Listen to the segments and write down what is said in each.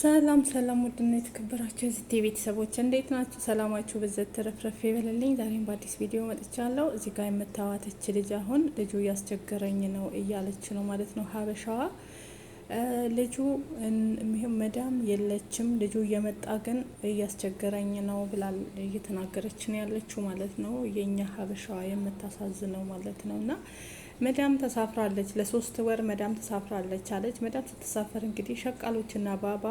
ሰላም ሰላም፣ ውድና የተከበራችሁ የዚህ ቤተሰቦች እንዴት ናችሁ? ሰላማችሁ በዘት ተረፍረፍ ይበልልኝ። ዛሬም በአዲስ ቪዲዮ መጥቻለሁ። እዚህ ጋር የምታዋተች ልጅ አሁን ልጁ እያስቸገረኝ ነው እያለች ነው ማለት ነው ሀበሻዋ። ልጁ መዳም የለችም፣ ልጁ እየመጣ ግን እያስቸገረኝ ነው ብላል እየተናገረች ነው ያለችው ማለት ነው። የእኛ ሀበሻዋ የምታሳዝነው ማለት ነው እና መዳም ተሳፍራለች። ለሶስት ወር መዳም ተሳፍራለች አለች። መዳም ስትሳፈር እንግዲህ ሸቃሎችና ባባ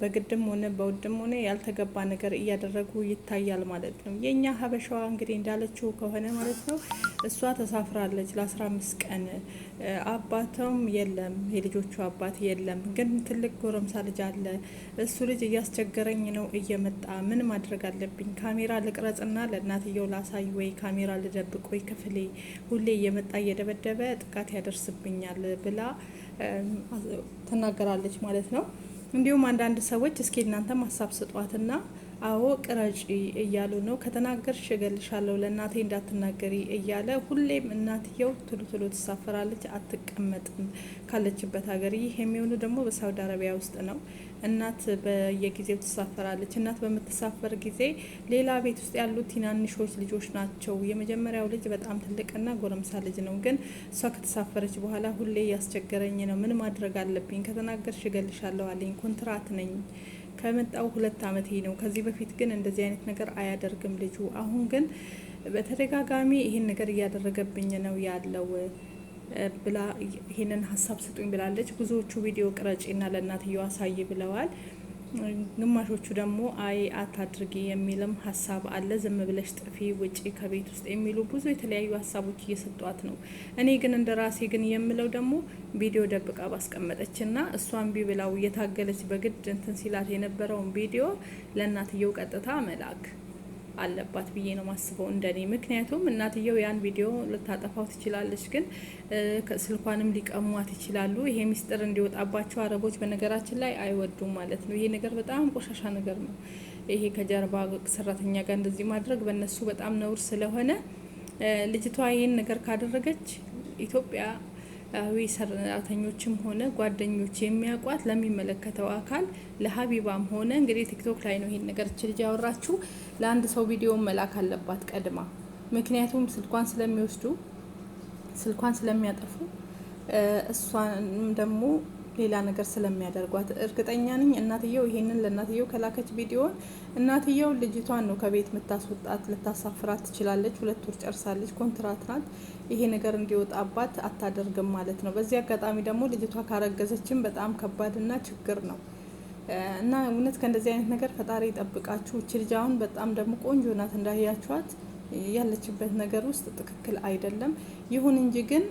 በግድም ሆነ በውድም ሆነ ያልተገባ ነገር እያደረጉ ይታያል ማለት ነው። የእኛ ሀበሻዋ እንግዲህ እንዳለችው ከሆነ ማለት ነው እሷ ተሳፍራለች ለ አስራ አምስት ቀን አባተውም የለም የልጆቹ አባት የለም። ግን ትልቅ ጎረምሳ ልጅ አለ። እሱ ልጅ እያስቸገረኝ ነው እየመጣ ምን ማድረግ አለብኝ? ካሜራ ልቅረጽና ለእናትየው ላሳይ ወይ ካሜራ ልደብቅ ወይ ክፍሌ ሁሌ እየመጣ እየደበደበ ጥቃት ያደርስብኛል ብላ ትናገራለች ማለት ነው። እንዲሁም አንዳንድ ሰዎች እስኪ እናንተ ሀሳብ ስጧትና አዎ ቅረጪ እያሉ ነው። ከተናገርሽ እገልሻለሁ ለእናቴ እንዳትናገሪ እያለ ሁሌም እናትየው ትሉ ትሉ ትሳፈራለች፣ አትቀመጥም ካለችበት ሀገር። ይህ የሚሆኑ ደግሞ በሳውዲ አረቢያ ውስጥ ነው። እናት በየጊዜው ትሳፈራለች። እናት በምትሳፈር ጊዜ ሌላ ቤት ውስጥ ያሉት ትናንሾች ልጆች ናቸው። የመጀመሪያው ልጅ በጣም ትልቅና ጎረምሳ ልጅ ነው። ግን እሷ ከተሳፈረች በኋላ ሁሌ እያስቸገረኝ ነው። ምን ማድረግ አለብኝ? ከተናገርሽ እገልሻለሁ አለኝ። ኮንትራት ነኝ ከመጣው ሁለት ዓመቴ ነው። ከዚህ በፊት ግን እንደዚህ አይነት ነገር አያደርግም ልጁ። አሁን ግን በተደጋጋሚ ይህን ነገር እያደረገብኝ ነው ያለው ብላ ይህንን ሀሳብ ስጡኝ ብላለች። ብዙዎቹ ቪዲዮ ቅረጪና ለእናትየው አሳይ ብለዋል። ግማሾቹ ደግሞ አይ አታድርጊ የሚልም ሀሳብ አለ። ዝም ብለሽ ጥፊ ውጪ ከቤት ውስጥ የሚሉ ብዙ የተለያዩ ሀሳቦች እየሰጧት ነው። እኔ ግን እንደ ራሴ ግን የምለው ደግሞ ቪዲዮ ደብቃ ባስቀመጠች እና እሷን ቢብላው እየታገለች በግድ እንትን ሲላት የነበረውን ቪዲዮ ለእናትየው ቀጥታ መላክ አለባት ብዬ ነው ማስበው እንደኔ። ምክንያቱም እናትየው ያን ቪዲዮ ልታጠፋው ትችላለች፣ ግን ስልኳንም ሊቀሟት ይችላሉ። ይሄ ሚስጥር እንዲወጣባቸው አረቦች በነገራችን ላይ አይወዱም ማለት ነው። ይሄ ነገር በጣም ቆሻሻ ነገር ነው። ይሄ ከጀርባ ሰራተኛ ጋር እንደዚህ ማድረግ በእነሱ በጣም ነውር ስለሆነ ልጅቷ ይህን ነገር ካደረገች ኢትዮጵያ አዊ ሰራተኞችም ሆነ ጓደኞች የሚያውቋት ለሚመለከተው አካል ለሀቢባም ሆነ እንግዲህ ቲክቶክ ላይ ነው ይሄን ነገር ችልጅ ያወራችሁ ለአንድ ሰው ቪዲዮ መላክ አለባት ቀድማ። ምክንያቱም ስልኳን ስለሚወስዱ ስልኳን ስለሚያጠፉ እሷንም ደግሞ ሌላ ነገር ስለሚያደርጓት እርግጠኛ ነኝ። እናትየው ይሄንን ለእናትየው ከላከች ቪዲዮን እናትየው ልጅቷን ነው ከቤት ምታስወጣት፣ ልታሳፍራት ትችላለች። ሁለት ወር ጨርሳለች፣ ኮንትራት ናት። ይሄ ነገር እንዲወጣባት አታደርግም ማለት ነው። በዚህ አጋጣሚ ደግሞ ልጅቷ ካረገዘችም በጣም ከባድና ችግር ነው እና እውነት ከእንደዚህ አይነት ነገር ፈጣሪ ይጠብቃችሁ። እቺ ልጅ አሁን በጣም ደግሞ ቆንጆ ናት እንዳያችኋት ያለችበት ነገር ውስጥ ትክክል አይደለም። ይሁን እንጂ ግን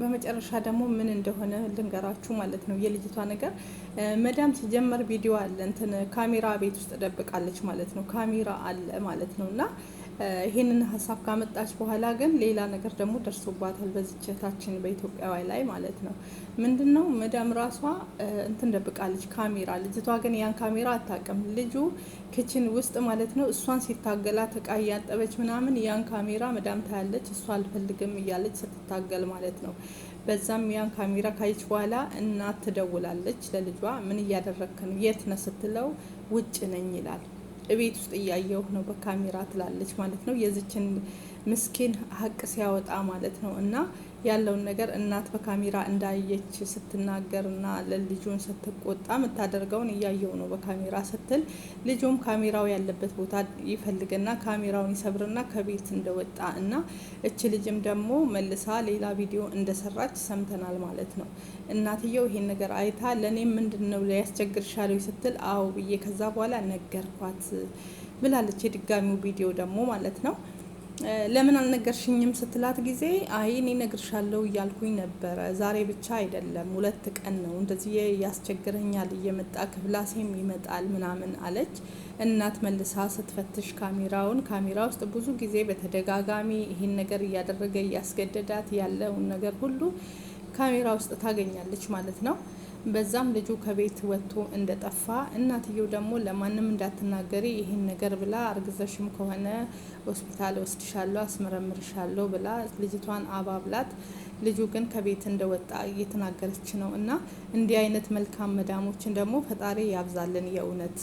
በመጨረሻ ደግሞ ምን እንደሆነ ልንገራችሁ ማለት ነው። የልጅቷ ነገር መዳም ሲጀመር ቪዲዮ አለ እንትን ካሜራ ቤት ውስጥ ደብቃለች ማለት ነው። ካሜራ አለ ማለት ነው እና ይህንን ሀሳብ ካመጣች በኋላ ግን ሌላ ነገር ደግሞ ደርሶባታል። በዝቸታችን በኢትዮጵያዊ ላይ ማለት ነው። ምንድን ነው መዳም ራሷ እንትን ደብቃለች ካሜራ። ልጅቷ ግን ያን ካሜራ አታውቅም። ልጁ ክችን ውስጥ ማለት ነው እሷን ሲታገላ እቃ እያጠበች ምናምን ያን ካሜራ መዳም ታያለች። እሷ አልፈልግም እያለች ስትታገል ማለት ነው። በዛም ያን ካሜራ ካየች በኋላ እናት ትደውላለች ለልጇ። ምን እያደረግክ ነው? የት ነ ስትለው ውጭ ነኝ ይላል። እቤት ውስጥ እያየሁ ነው በካሜራ ትላለች ማለት ነው። የዚችን ምስኪን ሀቅ ሲያወጣ ማለት ነው እና ያለውን ነገር እናት በካሜራ እንዳየች ስትናገርና ለልጁን ስትቆጣ የምታደርገውን እያየው ነው በካሜራ ስትል፣ ልጁም ካሜራው ያለበት ቦታ ይፈልግና ካሜራውን ይሰብርና ከቤት እንደወጣ እና እች ልጅም ደግሞ መልሳ ሌላ ቪዲዮ እንደሰራች ሰምተናል ማለት ነው። እናትየው ይሄን ነገር አይታ ለእኔም ምንድን ነው ሊያስቸግርሻል ስትል አዎ ብዬ ከዛ በኋላ ነገርኳት ብላለች። የድጋሚው ቪዲዮ ደግሞ ማለት ነው ለምን አልነገርሽኝም ስትላት ጊዜ አይ እኔ እነግርሻለሁ እያልኩኝ ነበረ። ዛሬ ብቻ አይደለም ሁለት ቀን ነው እንደዚህ ያስቸግረኛል እየመጣ ክፍላሴም ይመጣል ምናምን አለች። እናት መልሳ ስትፈትሽ ካሜራውን ካሜራ ውስጥ ብዙ ጊዜ በተደጋጋሚ ይህን ነገር እያደረገ እያስገደዳት ያለውን ነገር ሁሉ ካሜራ ውስጥ ታገኛለች ማለት ነው። በዛም ልጁ ከቤት ወጥቶ እንደጠፋ እናትየው ደግሞ ለማንም እንዳትናገሪ ይህን ነገር ብላ አርግዘሽም ከሆነ ሆስፒታል ወስድሻለሁ፣ አስመረምርሻለሁ ብላ ልጅቷን አባብላት ልጁ ግን ከቤት እንደወጣ እየተናገረች ነው። እና እንዲህ አይነት መልካም መዳሞችን ደግሞ ፈጣሪ ያብዛልን የእውነት።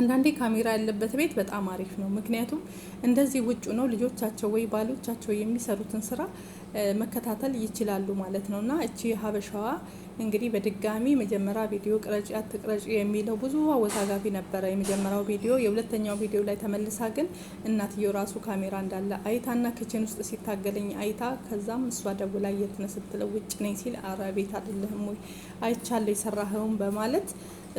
አንዳንዴ ካሜራ ያለበት ቤት በጣም አሪፍ ነው። ምክንያቱም እንደዚህ ውጭ ነው ልጆቻቸው ወይ ባሎቻቸው የሚሰሩትን ስራ መከታተል ይችላሉ ማለት ነው እና እቺ ሀበሻዋ እንግዲህ በድጋሚ መጀመሪያ ቪዲዮ ቅረጭ አትቅረጭ የሚለው ብዙ አወዛጋቢ ነበረ የመጀመሪያው ቪዲዮ። የሁለተኛው ቪዲዮ ላይ ተመልሳ ግን እናትየው ራሱ ካሜራ እንዳለ አይታና ክችን ውስጥ ሲታገለኝ አይታ ከዛም እሷ ደውላ የት ነህ ስትለው ውጭ ነኝ ሲል አረ ቤት አይደለህም ወይ አይቻለሁ የሰራኸውን በማለት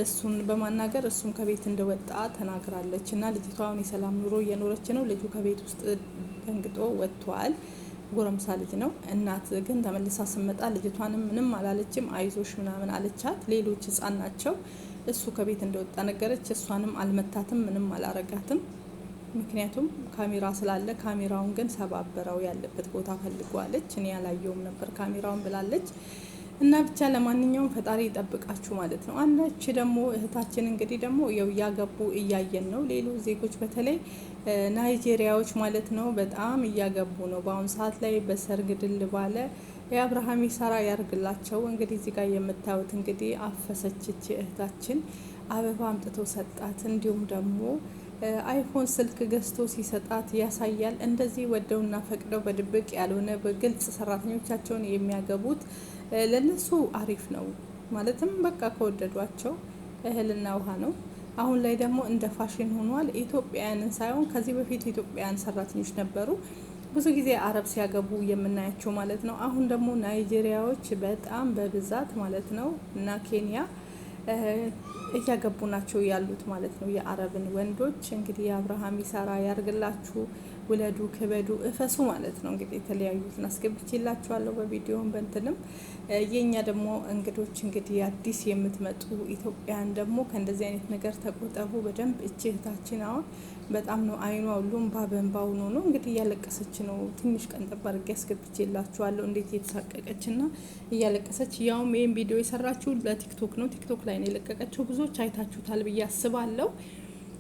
እሱን በማናገር እሱም ከቤት እንደወጣ ተናግራለች። እና ልጅቷ አሁን የሰላም ኑሮ እየኖረች ነው። ልጁ ከቤት ውስጥ ደንግጦ ወጥቷል። ጎረምሳ ልጅ ነው። እናት ግን ተመልሳ ስመጣ ልጅቷንም ምንም አላለችም፣ አይዞሽ ምናምን አለቻት። ሌሎች ህጻን ናቸው። እሱ ከቤት እንደወጣ ነገረች። እሷንም አልመታትም፣ ምንም አላረጋትም። ምክንያቱም ካሜራ ስላለ ካሜራውን ግን ሰባበረው ያለበት ቦታ ፈልጓለች። እኔ ያላየውም ነበር ካሜራውን ብላለች። እና ብቻ ለማንኛውም ፈጣሪ ይጠብቃችሁ ማለት ነው። አንዳች ደግሞ እህታችን እንግዲህ ደግሞ ያው እያገቡ እያየን ነው። ሌሎች ዜጎች በተለይ ናይጄሪያዎች ማለት ነው በጣም እያገቡ ነው በአሁኑ ሰዓት ላይ በሰርግ ድል ባለ የአብርሃም ይሳራ ያርግላቸው። እንግዲህ እዚህ ጋር የምታዩት እንግዲህ አፈሰችች እህታችን አበባ አምጥቶ ሰጣት። እንዲሁም ደግሞ አይፎን ስልክ ገዝቶ ሲሰጣት ያሳያል። እንደዚህ ወደውና ፈቅደው በድብቅ ያልሆነ በግልጽ ሰራተኞቻቸውን የሚያገቡት ለነሱ አሪፍ ነው። ማለትም በቃ ከወደዷቸው እህልና ውሃ ነው። አሁን ላይ ደግሞ እንደ ፋሽን ሆኗል። ኢትዮጵያውያንን ሳይሆን ከዚህ በፊት ኢትዮጵያውያን ሰራተኞች ነበሩ ብዙ ጊዜ አረብ ሲያገቡ የምናያቸው ማለት ነው። አሁን ደግሞ ናይጄሪያዎች በጣም በብዛት ማለት ነው እና ኬንያ እያገቡ ናቸው ያሉት ማለት ነው። የአረብን ወንዶች እንግዲህ የአብርሃም ይሰራ ያርግላችሁ፣ ውለዱ፣ ክበዱ፣ እፈሱ ማለት ነው። እንግዲህ የተለያዩትን አስገብቼላችኋለሁ በቪዲዮም በእንትንም። የእኛ ደግሞ እንግዶች እንግዲህ አዲስ የምትመጡ ኢትዮጵያን ደግሞ ከእንደዚህ አይነት ነገር ተቆጠቡ በደንብ እች እህታችን አሁን በጣም ነው አይኗ ሁሉም ባበንባ ሆኖ ነው እንግዲህ እያለቀሰች ነው። ትንሽ ቀን ጠብ አድርጌ እንዴት እየተሳቀቀች እና እያለቀሰች ያውም ይህን ቪዲዮ የሰራችው ለቲክቶክ ነው። ቲክቶክ ላይ ነው የለቀቀችው። ብዙዎች አይታችሁታል ብዬ አስባለሁ።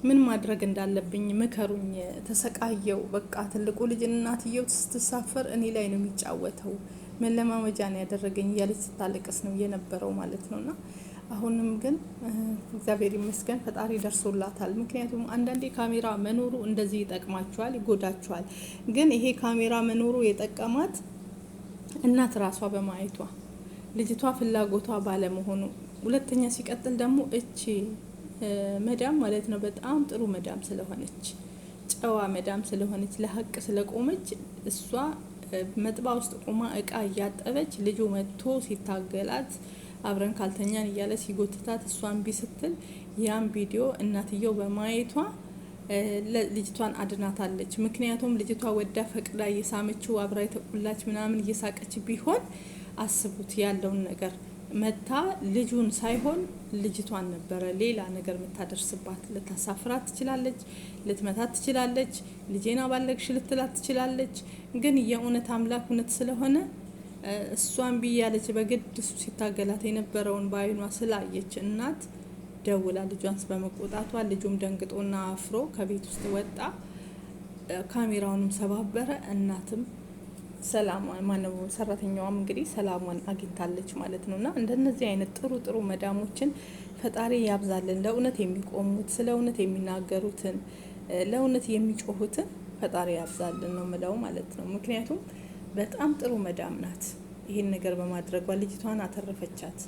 ምን ማድረግ እንዳለብኝ ምከሩኝ። ተሰቃየው በቃ ትልቁ ልጅ እናትየው ስትሳፈር እኔ ላይ ነው የሚጫወተው መለማመጃ ነው ያደረገኝ እያለች ስታለቀስ ነው የነበረው ማለት ነው አሁንም ግን እግዚአብሔር ይመስገን ፈጣሪ ደርሶላታል። ምክንያቱም አንዳንዴ ካሜራ መኖሩ እንደዚህ ይጠቅማቸዋል ይጎዳቸዋል። ግን ይሄ ካሜራ መኖሩ የጠቀማት እናት ራሷ በማየቷ ልጅቷ ፍላጎቷ ባለመሆኑ፣ ሁለተኛ ሲቀጥል ደግሞ እቺ መዳም ማለት ነው በጣም ጥሩ መዳም ስለሆነች ጨዋ መዳም ስለሆነች ለሀቅ ስለቆመች እሷ መጥባ ውስጥ ቁማ እቃ እያጠበች ልጁ መጥቶ ሲታገላት አብረን ካልተኛን እያለ ሲጎትታት እሷን እምቢ ስትል ያን ቪዲዮ እናትየው በማየቷ ልጅቷን አድናታለች። ምክንያቱም ልጅቷ ወዳ ፈቅዳ እየሳመችው አብራ የተቆላች ምናምን እየሳቀች ቢሆን አስቡት ያለውን ነገር መታ ልጁን ሳይሆን ልጅቷን ነበረ ሌላ ነገር የምታደርስባት። ልታሳፍራት ትችላለች፣ ልትመታት ትችላለች፣ ልጄና ባለግሽ ልትላት ትችላለች። ግን የእውነት አምላክ እውነት ስለሆነ እሷን ብያለች። በግድ እሱ ሲታገላት የነበረውን በአይኗ ስላየች እናት ደውላ ልጇንስ በመቆጣቷ ልጁም ደንግጦና አፍሮ ከቤት ውስጥ ወጣ። ካሜራውንም ሰባበረ። እናትም ሰላም ማነው ሰራተኛዋም እንግዲህ ሰላሟን አግኝታለች ማለት ነው። እና እንደነዚህ አይነት ጥሩ ጥሩ መዳሞችን ፈጣሪ ያብዛልን። ለእውነት የሚቆሙት ስለ እውነት የሚናገሩትን ለእውነት የሚጮሁትን ፈጣሪ ያብዛልን ነው ምለው ማለት ነው። ምክንያቱም በጣም ጥሩ መዳም ናት። ይህን ነገር በማድረጓ ልጅቷን አተረፈቻት።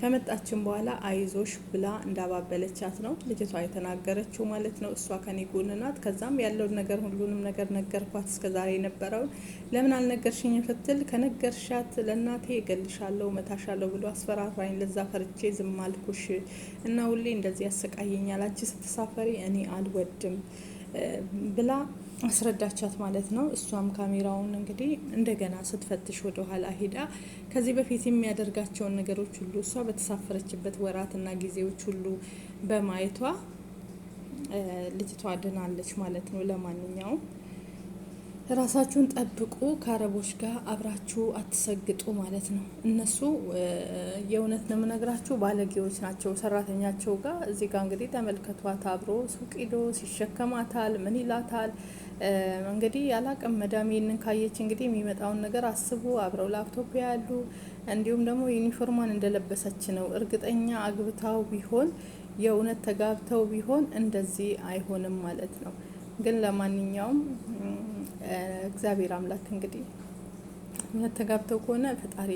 ከመጣችን በኋላ አይዞሽ ብላ እንዳባበለቻት ነው ልጅቷ የተናገረችው ማለት ነው። እሷ ከኔ ጎን ናት። ከዛም ያለውን ነገር ሁሉንም ነገር ነገርኳት። እስከዛሬ የነበረውን ለምን አልነገርሽኝ ስትል ከነገርሻት ለእናቴ እገልሻለሁ፣ መታሻለሁ ብሎ አስፈራራኝ። ለዛ ፈርቼ ዝም አልኩሽ እና ሁሌ እንደዚህ ያሰቃየኛል። አንቺ ስትሳፈሪ እኔ አልወድም ብላ አስረዳቻት ማለት ነው። እሷም ካሜራውን እንግዲህ እንደገና ስትፈትሽ ወደ ኋላ ሂዳ ከዚህ በፊት የሚያደርጋቸውን ነገሮች ሁሉ እሷ በተሳፈረችበት ወራትና ጊዜዎች ሁሉ በማየቷ ልጅቷ ድናለች ማለት ነው። ለማንኛውም ራሳችሁን ጠብቁ፣ ከአረቦች ጋር አብራችሁ አትሰግጡ ማለት ነው። እነሱ የእውነት ነው የምነግራችሁ ባለጌዎች ናቸው። ሰራተኛቸው ጋር እዚህ ጋር እንግዲህ ተመልከቷት፣ አብሮ ሱቅ ሂዶ ሲሸከማታል፣ ምን ይላታል እንግዲህ ያላቅም መዳም ይህንን ካየች እንግዲህ የሚመጣውን ነገር አስቡ። አብረው ላፕቶፕ ያሉ እንዲሁም ደግሞ ዩኒፎርሟን እንደለበሰች ነው። እርግጠኛ አግብታው ቢሆን የእውነት ተጋብተው ቢሆን እንደዚህ አይሆንም ማለት ነው። ግን ለማንኛውም እግዚአብሔር አምላክ እንግዲህ እውነት ተጋብተው ከሆነ ፈጣሪ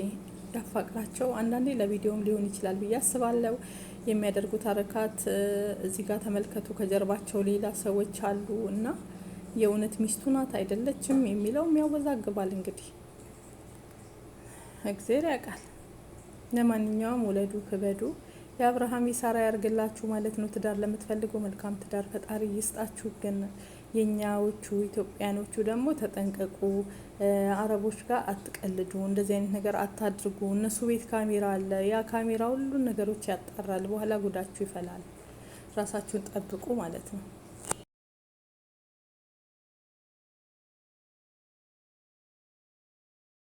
ያፋቅራቸው። አንዳንዴ ለቪዲዮም ሊሆን ይችላል ብዬ አስባለሁ። የሚያደርጉት አረካት እዚህ ጋር ተመልከቱ። ከጀርባቸው ሌላ ሰዎች አሉ እና የእውነት ሚስቱ ናት አይደለችም የሚለውም ያወዛግባል። እንግዲህ እግዜር ያውቃል። ለማንኛውም ውለዱ፣ ክበዱ፣ የአብርሃም የሳራ ያርግላችሁ ማለት ነው። ትዳር ለምትፈልጉ መልካም ትዳር ፈጣሪ ይስጣችሁ። ግን የኛዎቹ ኢትዮጵያኖቹ ደግሞ ተጠንቀቁ። አረቦች ጋር አትቀልዱ፣ እንደዚህ አይነት ነገር አታድርጉ። እነሱ ቤት ካሜራ አለ። ያ ካሜራ ሁሉን ነገሮች ያጣራል። በኋላ ጉዳችሁ ይፈላል። ራሳችሁን ጠብቁ ማለት ነው።